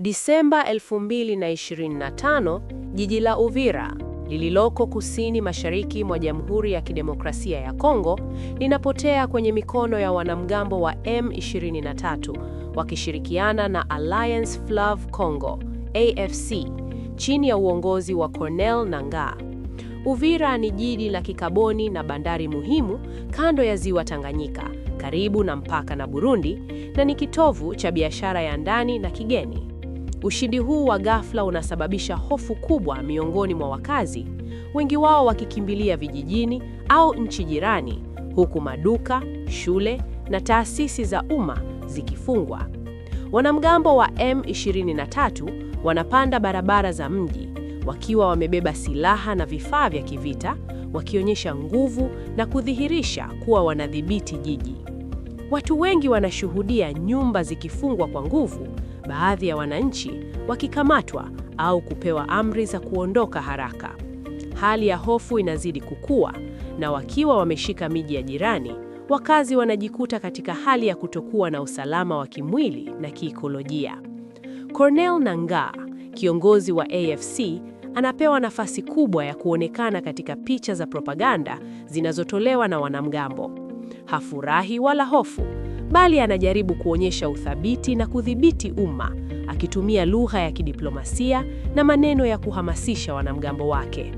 Disemba 2025, jiji la Uvira lililoko kusini mashariki mwa Jamhuri ya Kidemokrasia ya Kongo linapotea kwenye mikono ya wanamgambo wa M23 wakishirikiana na Alliance Fleuve Congo AFC chini ya uongozi wa Cornel Nangaa. Uvira ni jiji la kikaboni na bandari muhimu kando ya Ziwa Tanganyika, karibu na mpaka na Burundi na ni kitovu cha biashara ya ndani na kigeni. Ushindi huu wa ghafla unasababisha hofu kubwa miongoni mwa wakazi, wengi wao wakikimbilia vijijini au nchi jirani, huku maduka, shule na taasisi za umma zikifungwa. Wanamgambo wa M23 wanapanda barabara za mji wakiwa wamebeba silaha na vifaa vya kivita, wakionyesha nguvu na kudhihirisha kuwa wanadhibiti jiji. Watu wengi wanashuhudia nyumba zikifungwa kwa nguvu baadhi ya wananchi wakikamatwa au kupewa amri za kuondoka haraka. Hali ya hofu inazidi kukua, na wakiwa wameshika miji ya jirani, wakazi wanajikuta katika hali ya kutokuwa na usalama wa kimwili na kiikolojia. Cornel Nangaa, kiongozi wa AFC, anapewa nafasi kubwa ya kuonekana katika picha za propaganda zinazotolewa na wanamgambo. Hafurahi wala hofu, bali anajaribu kuonyesha uthabiti na kudhibiti umma akitumia lugha ya kidiplomasia na maneno ya kuhamasisha wanamgambo wake.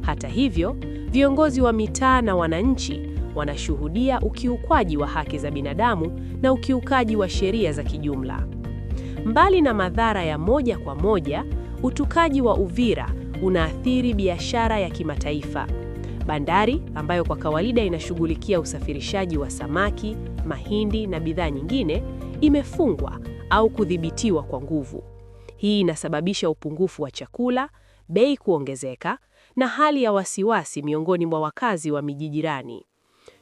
Hata hivyo, viongozi wa mitaa na wananchi wanashuhudia ukiukwaji wa haki za binadamu na ukiukaji wa sheria za kijumla. Mbali na madhara ya moja kwa moja, utukaji wa Uvira unaathiri biashara ya kimataifa. Bandari ambayo kwa kawaida inashughulikia usafirishaji wa samaki mahindi na bidhaa nyingine imefungwa au kudhibitiwa kwa nguvu. Hii inasababisha upungufu wa chakula, bei kuongezeka na hali ya wasiwasi miongoni mwa wakazi wa miji jirani.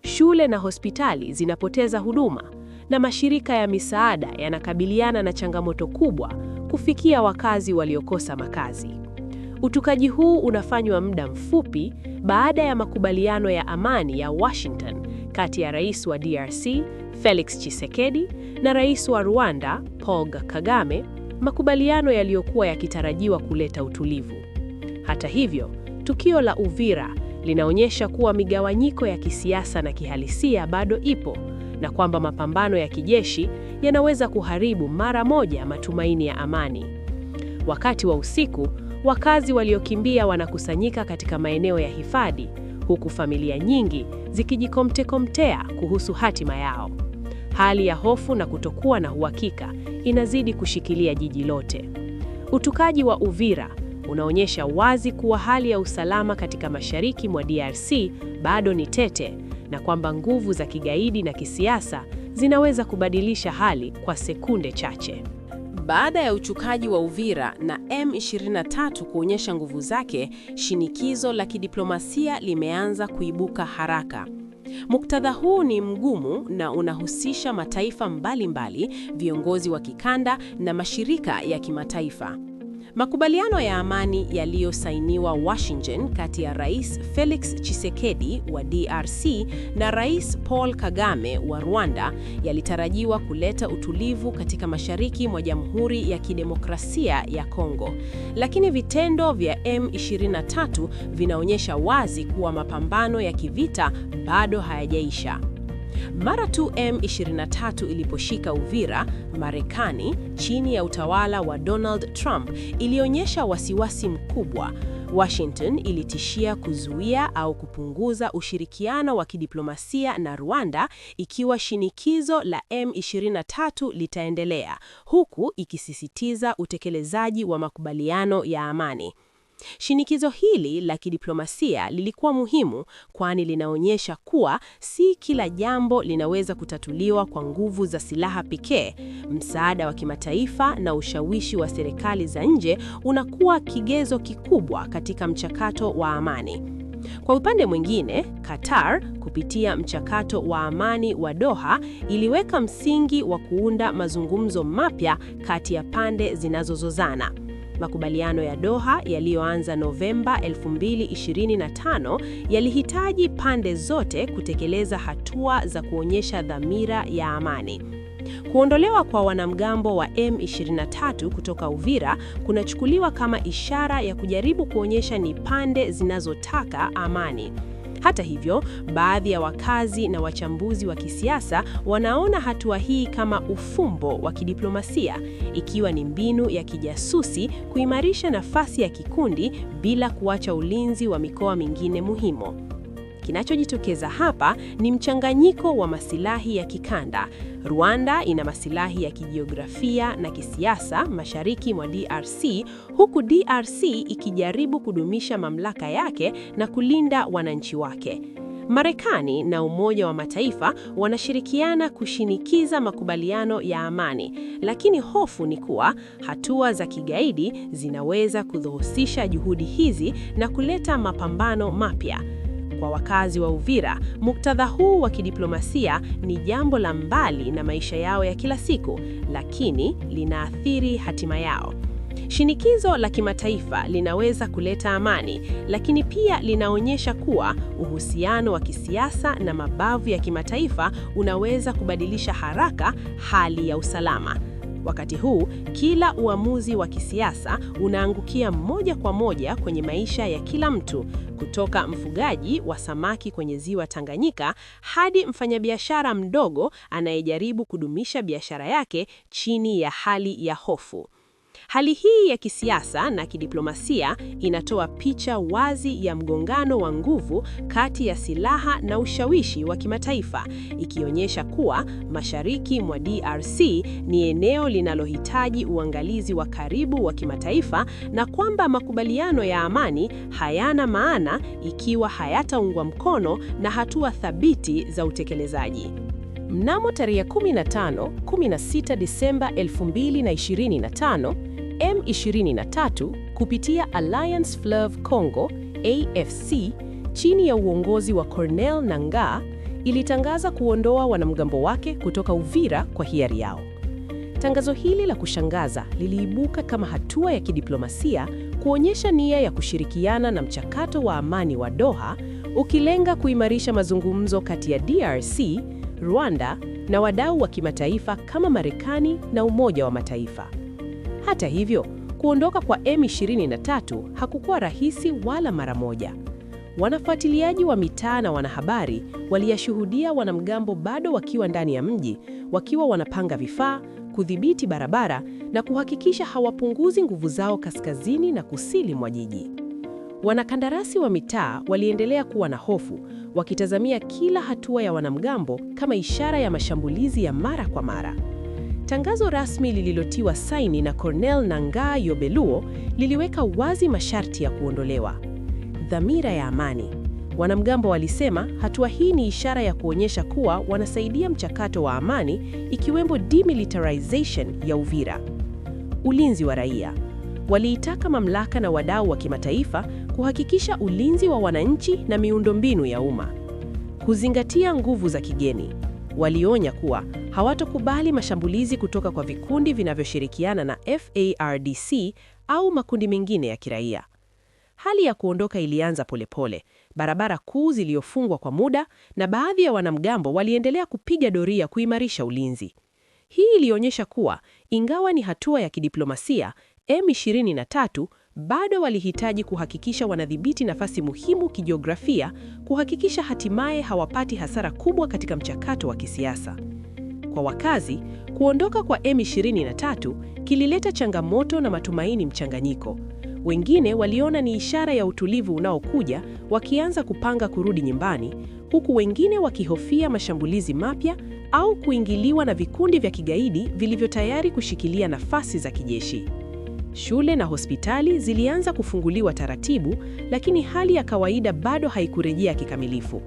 Shule na hospitali zinapoteza huduma na mashirika ya misaada yanakabiliana na changamoto kubwa kufikia wakazi waliokosa makazi. Utukaji huu unafanywa muda mfupi baada ya makubaliano ya amani ya Washington kati ya rais wa DRC Felix Tshisekedi na rais wa Rwanda Paul Kagame, makubaliano yaliyokuwa yakitarajiwa kuleta utulivu. Hata hivyo, tukio la Uvira linaonyesha kuwa migawanyiko ya kisiasa na kihalisia bado ipo na kwamba mapambano ya kijeshi yanaweza kuharibu mara moja matumaini ya amani. Wakati wa usiku, wakazi waliokimbia wanakusanyika katika maeneo ya hifadhi, huku familia nyingi zikijikomtekomtea kuhusu hatima yao. Hali ya hofu na kutokuwa na uhakika inazidi kushikilia jiji lote. Utukaji wa Uvira unaonyesha wazi kuwa hali ya usalama katika mashariki mwa DRC bado ni tete na kwamba nguvu za kigaidi na kisiasa zinaweza kubadilisha hali kwa sekunde chache. Baada ya uchukaji wa Uvira na M23 kuonyesha nguvu zake, shinikizo la kidiplomasia limeanza kuibuka haraka. Muktadha huu ni mgumu na unahusisha mataifa mbalimbali, viongozi wa kikanda na mashirika ya kimataifa. Makubaliano ya amani yaliyosainiwa Washington kati ya Rais Felix Tshisekedi wa DRC na Rais Paul Kagame wa Rwanda yalitarajiwa kuleta utulivu katika mashariki mwa Jamhuri ya Kidemokrasia ya Kongo. Lakini vitendo vya M23 vinaonyesha wazi kuwa mapambano ya kivita bado hayajaisha. Mara tu M23 iliposhika Uvira, Marekani chini ya utawala wa Donald Trump ilionyesha wasiwasi mkubwa. Washington ilitishia kuzuia au kupunguza ushirikiano wa kidiplomasia na Rwanda ikiwa shinikizo la M23 litaendelea, huku ikisisitiza utekelezaji wa makubaliano ya amani. Shinikizo hili la kidiplomasia lilikuwa muhimu, kwani linaonyesha kuwa si kila jambo linaweza kutatuliwa kwa nguvu za silaha pekee. Msaada wa kimataifa na ushawishi wa serikali za nje unakuwa kigezo kikubwa katika mchakato wa amani. Kwa upande mwingine, Qatar kupitia mchakato wa amani wa Doha iliweka msingi wa kuunda mazungumzo mapya kati ya pande zinazozozana. Makubaliano ya Doha yaliyoanza Novemba 2025 yalihitaji pande zote kutekeleza hatua za kuonyesha dhamira ya amani. Kuondolewa kwa wanamgambo wa M23 kutoka Uvira kunachukuliwa kama ishara ya kujaribu kuonyesha ni pande zinazotaka amani. Hata hivyo, baadhi ya wakazi na wachambuzi wa kisiasa wanaona hatua hii kama ufumbo wa kidiplomasia, ikiwa ni mbinu ya kijasusi kuimarisha nafasi ya kikundi bila kuacha ulinzi wa mikoa mingine muhimu. Kinachojitokeza hapa ni mchanganyiko wa masilahi ya kikanda. Rwanda ina masilahi ya kijiografia na kisiasa mashariki mwa DRC, huku DRC ikijaribu kudumisha mamlaka yake na kulinda wananchi wake. Marekani na Umoja wa Mataifa wanashirikiana kushinikiza makubaliano ya amani, lakini hofu ni kuwa hatua za kigaidi zinaweza kudhoofisha juhudi hizi na kuleta mapambano mapya. Kwa wakazi wa Uvira, muktadha huu wa kidiplomasia ni jambo la mbali na maisha yao ya kila siku, lakini linaathiri hatima yao. Shinikizo la kimataifa linaweza kuleta amani, lakini pia linaonyesha kuwa uhusiano wa kisiasa na mabavu ya kimataifa unaweza kubadilisha haraka hali ya usalama. Wakati huu kila uamuzi wa kisiasa unaangukia moja kwa moja kwenye maisha ya kila mtu, kutoka mfugaji wa samaki kwenye ziwa Tanganyika hadi mfanyabiashara mdogo anayejaribu kudumisha biashara yake chini ya hali ya hofu. Hali hii ya kisiasa na kidiplomasia inatoa picha wazi ya mgongano wa nguvu kati ya silaha na ushawishi wa kimataifa, ikionyesha kuwa mashariki mwa DRC ni eneo linalohitaji uangalizi wa karibu wa kimataifa na kwamba makubaliano ya amani hayana maana ikiwa hayataungwa mkono na hatua thabiti za utekelezaji. Mnamo tarehe 15 16 Disemba 2025 2023 23 kupitia Alliance Fleuve Congo AFC chini ya uongozi wa Cornel Nangaa ilitangaza kuondoa wanamgambo wake kutoka Uvira kwa hiari yao. Tangazo hili la kushangaza liliibuka kama hatua ya kidiplomasia kuonyesha nia ya kushirikiana na mchakato wa amani wa Doha ukilenga kuimarisha mazungumzo kati ya DRC, Rwanda na wadau wa kimataifa kama Marekani na Umoja wa Mataifa. Hata hivyo, kuondoka kwa M23 hakukuwa rahisi wala mara moja. Wanafuatiliaji wa mitaa na wanahabari waliyashuhudia wanamgambo bado wakiwa ndani ya mji, wakiwa wanapanga vifaa, kudhibiti barabara na kuhakikisha hawapunguzi nguvu zao kaskazini na kusini mwa jiji. Wanakandarasi wa mitaa waliendelea kuwa na hofu, wakitazamia kila hatua ya wanamgambo kama ishara ya mashambulizi ya mara kwa mara. Tangazo rasmi lililotiwa saini na Cornel Nanga Yobeluo liliweka wazi masharti ya kuondolewa. Dhamira ya amani. Wanamgambo walisema hatua hii ni ishara ya kuonyesha kuwa wanasaidia mchakato wa amani ikiwemo demilitarization ya Uvira. Ulinzi wa raia. Waliitaka mamlaka na wadau wa kimataifa kuhakikisha ulinzi wa wananchi na miundombinu ya umma. Kuzingatia nguvu za kigeni. Walionya kuwa hawatokubali mashambulizi kutoka kwa vikundi vinavyoshirikiana na FARDC au makundi mengine ya kiraia. Hali ya kuondoka ilianza polepole, barabara kuu ziliyofungwa kwa muda, na baadhi ya wanamgambo waliendelea kupiga doria kuimarisha ulinzi. Hii ilionyesha kuwa ingawa ni hatua ya kidiplomasia, M23 bado walihitaji kuhakikisha wanadhibiti nafasi muhimu kijiografia, kuhakikisha hatimaye hawapati hasara kubwa katika mchakato wa kisiasa kwa wakazi, kuondoka kwa M23 kilileta changamoto na matumaini mchanganyiko. Wengine waliona ni ishara ya utulivu unaokuja, wakianza kupanga kurudi nyumbani, huku wengine wakihofia mashambulizi mapya au kuingiliwa na vikundi vya kigaidi vilivyo tayari kushikilia nafasi za kijeshi. Shule na hospitali zilianza kufunguliwa taratibu, lakini hali ya kawaida bado haikurejea kikamilifu.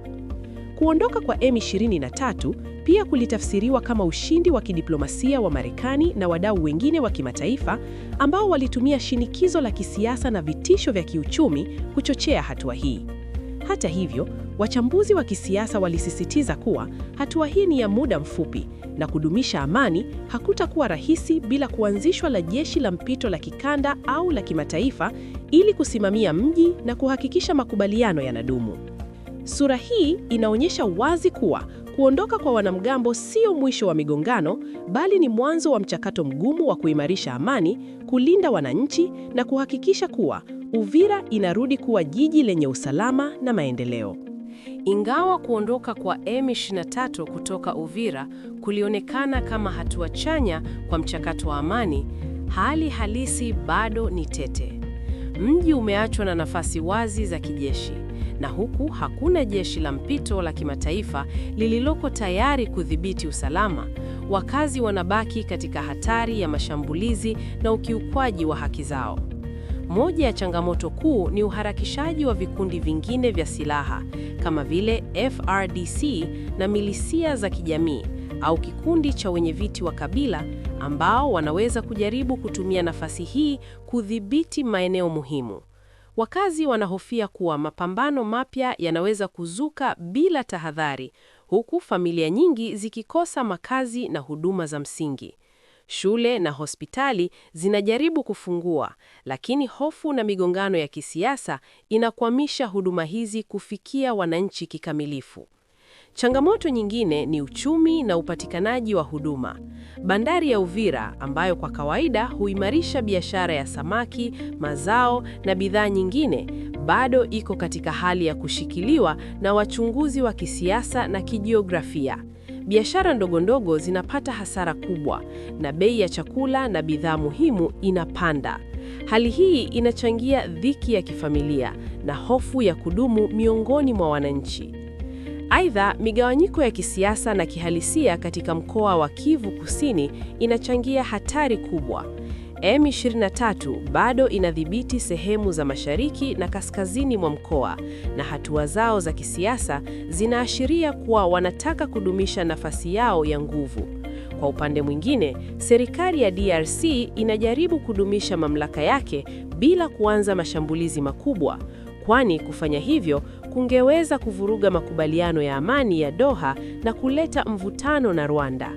Kuondoka kwa M23 pia kulitafsiriwa kama ushindi wa kidiplomasia wa Marekani na wadau wengine wa kimataifa ambao walitumia shinikizo la kisiasa na vitisho vya kiuchumi kuchochea hatua hii. Hata hivyo, wachambuzi wa kisiasa walisisitiza kuwa hatua hii ni ya muda mfupi na kudumisha amani hakutakuwa rahisi bila kuanzishwa la jeshi la mpito la kikanda au la kimataifa ili kusimamia mji na kuhakikisha makubaliano yanadumu. Sura hii inaonyesha wazi kuwa kuondoka kwa wanamgambo sio mwisho wa migongano, bali ni mwanzo wa mchakato mgumu wa kuimarisha amani, kulinda wananchi na kuhakikisha kuwa Uvira inarudi kuwa jiji lenye usalama na maendeleo. Ingawa kuondoka kwa M23 kutoka Uvira kulionekana kama hatua chanya kwa mchakato wa amani, hali halisi bado ni tete. Mji umeachwa na nafasi wazi za kijeshi na huku hakuna jeshi la mpito la kimataifa lililoko tayari kudhibiti usalama, wakazi wanabaki katika hatari ya mashambulizi na ukiukwaji wa haki zao. Moja ya changamoto kuu ni uharakishaji wa vikundi vingine vya silaha kama vile frdc na milisia za kijamii au kikundi cha wenyeviti wa kabila ambao wanaweza kujaribu kutumia nafasi hii kudhibiti maeneo muhimu. Wakazi wanahofia kuwa mapambano mapya yanaweza kuzuka bila tahadhari, huku familia nyingi zikikosa makazi na huduma za msingi. Shule na hospitali zinajaribu kufungua, lakini hofu na migongano ya kisiasa inakwamisha huduma hizi kufikia wananchi kikamilifu. Changamoto nyingine ni uchumi na upatikanaji wa huduma. Bandari ya Uvira ambayo kwa kawaida huimarisha biashara ya samaki, mazao na bidhaa nyingine, bado iko katika hali ya kushikiliwa na wachunguzi wa kisiasa na kijiografia. Biashara ndogo ndogo zinapata hasara kubwa na bei ya chakula na bidhaa muhimu inapanda. Hali hii inachangia dhiki ya kifamilia na hofu ya kudumu miongoni mwa wananchi. Aidha, migawanyiko ya kisiasa na kihalisia katika mkoa wa Kivu Kusini inachangia hatari kubwa. M23 bado inadhibiti sehemu za mashariki na kaskazini mwa mkoa na hatua zao za kisiasa zinaashiria kuwa wanataka kudumisha nafasi yao ya nguvu. Kwa upande mwingine, serikali ya DRC inajaribu kudumisha mamlaka yake bila kuanza mashambulizi makubwa, kwani kufanya hivyo kungeweza kuvuruga makubaliano ya amani ya Doha na kuleta mvutano na Rwanda.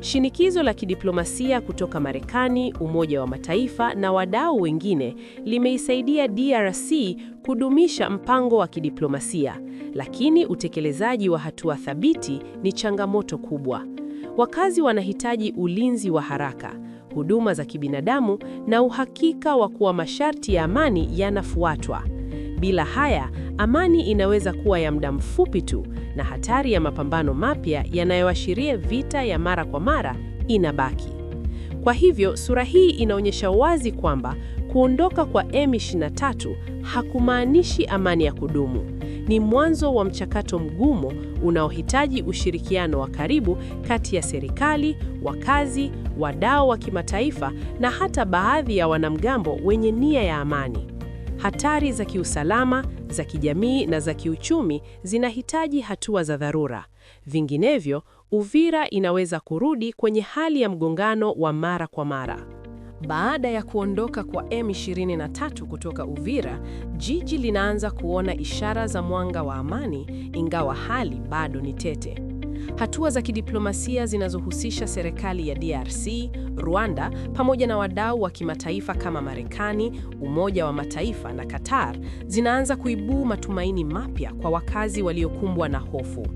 Shinikizo la kidiplomasia kutoka Marekani, Umoja wa Mataifa na wadau wengine limeisaidia DRC kudumisha mpango wa kidiplomasia, lakini utekelezaji wa hatua thabiti ni changamoto kubwa. Wakazi wanahitaji ulinzi wa haraka, huduma za kibinadamu na uhakika wa kuwa masharti ya amani yanafuatwa. Bila haya, amani inaweza kuwa ya muda mfupi tu, na hatari ya mapambano mapya yanayoashiria vita ya mara kwa mara inabaki. Kwa hivyo, sura hii inaonyesha wazi kwamba kuondoka kwa M23 hakumaanishi amani ya kudumu. Ni mwanzo wa mchakato mgumu unaohitaji ushirikiano wa karibu kati ya serikali, wakazi, wadau wa kimataifa na hata baadhi ya wanamgambo wenye nia ya amani. Hatari za kiusalama, za kijamii na za kiuchumi zinahitaji hatua za dharura. Vinginevyo, Uvira inaweza kurudi kwenye hali ya mgongano wa mara kwa mara. Baada ya kuondoka kwa M23 kutoka Uvira, jiji linaanza kuona ishara za mwanga wa amani, ingawa hali bado ni tete hatua za kidiplomasia zinazohusisha serikali ya DRC, Rwanda pamoja na wadau wa kimataifa kama Marekani, Umoja wa Mataifa na Qatar zinaanza kuibua matumaini mapya kwa wakazi waliokumbwa na hofu.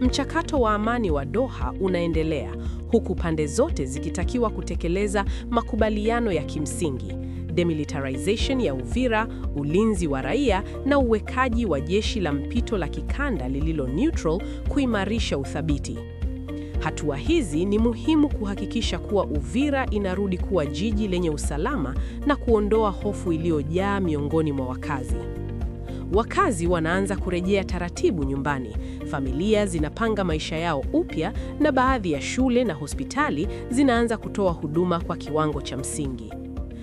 Mchakato wa amani wa Doha unaendelea huku pande zote zikitakiwa kutekeleza makubaliano ya kimsingi demilitarization ya Uvira, ulinzi wa raia na uwekaji wa jeshi la mpito la kikanda lililo neutral kuimarisha uthabiti. Hatua hizi ni muhimu kuhakikisha kuwa Uvira inarudi kuwa jiji lenye usalama na kuondoa hofu iliyojaa miongoni mwa wakazi. Wakazi wanaanza kurejea taratibu nyumbani, familia zinapanga maisha yao upya na baadhi ya shule na hospitali zinaanza kutoa huduma kwa kiwango cha msingi.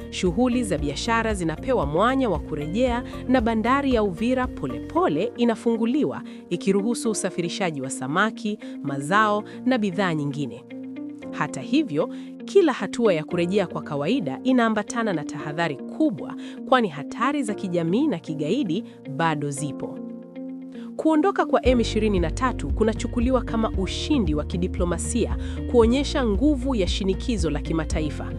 Shughuli za biashara zinapewa mwanya wa kurejea na bandari ya Uvira polepole pole inafunguliwa ikiruhusu usafirishaji wa samaki, mazao na bidhaa nyingine. Hata hivyo, kila hatua ya kurejea kwa kawaida inaambatana na tahadhari kubwa, kwani hatari za kijamii na kigaidi bado zipo. Kuondoka kwa M23 kunachukuliwa kama ushindi wa kidiplomasia, kuonyesha nguvu ya shinikizo la kimataifa.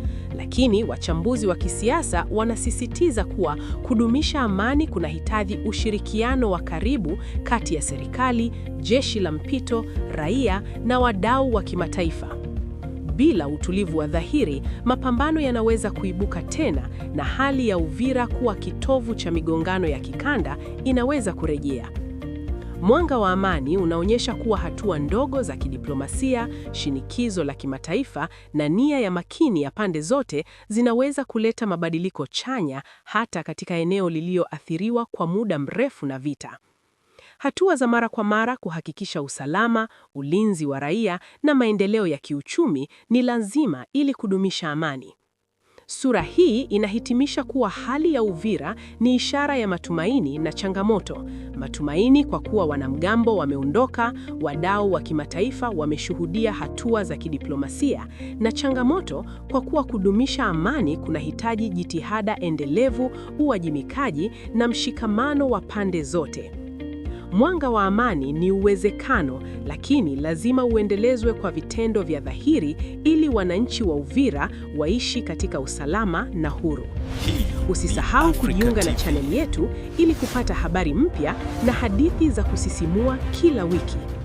Lakini wachambuzi wa kisiasa wanasisitiza kuwa kudumisha amani kunahitaji ushirikiano wa karibu kati ya serikali, jeshi la mpito, raia na wadau wa kimataifa. Bila utulivu wa dhahiri, mapambano yanaweza kuibuka tena na hali ya Uvira kuwa kitovu cha migongano ya kikanda inaweza kurejea. Mwanga wa Amani unaonyesha kuwa hatua ndogo za kidiplomasia, shinikizo la kimataifa na nia ya makini ya pande zote zinaweza kuleta mabadiliko chanya hata katika eneo lililoathiriwa kwa muda mrefu na vita. Hatua za mara kwa mara kuhakikisha usalama, ulinzi wa raia na maendeleo ya kiuchumi ni lazima ili kudumisha amani. Sura hii inahitimisha kuwa hali ya Uvira ni ishara ya matumaini na changamoto. Matumaini kwa kuwa wanamgambo wameondoka, wadau wa kimataifa wameshuhudia hatua za kidiplomasia, na changamoto kwa kuwa kudumisha amani kunahitaji jitihada endelevu, uwajibikaji na mshikamano wa pande zote. Mwanga wa amani ni uwezekano, lakini lazima uendelezwe kwa vitendo vya dhahiri ili wananchi wa Uvira waishi katika usalama na huru. Usisahau kujiunga na chaneli yetu ili kupata habari mpya na hadithi za kusisimua kila wiki.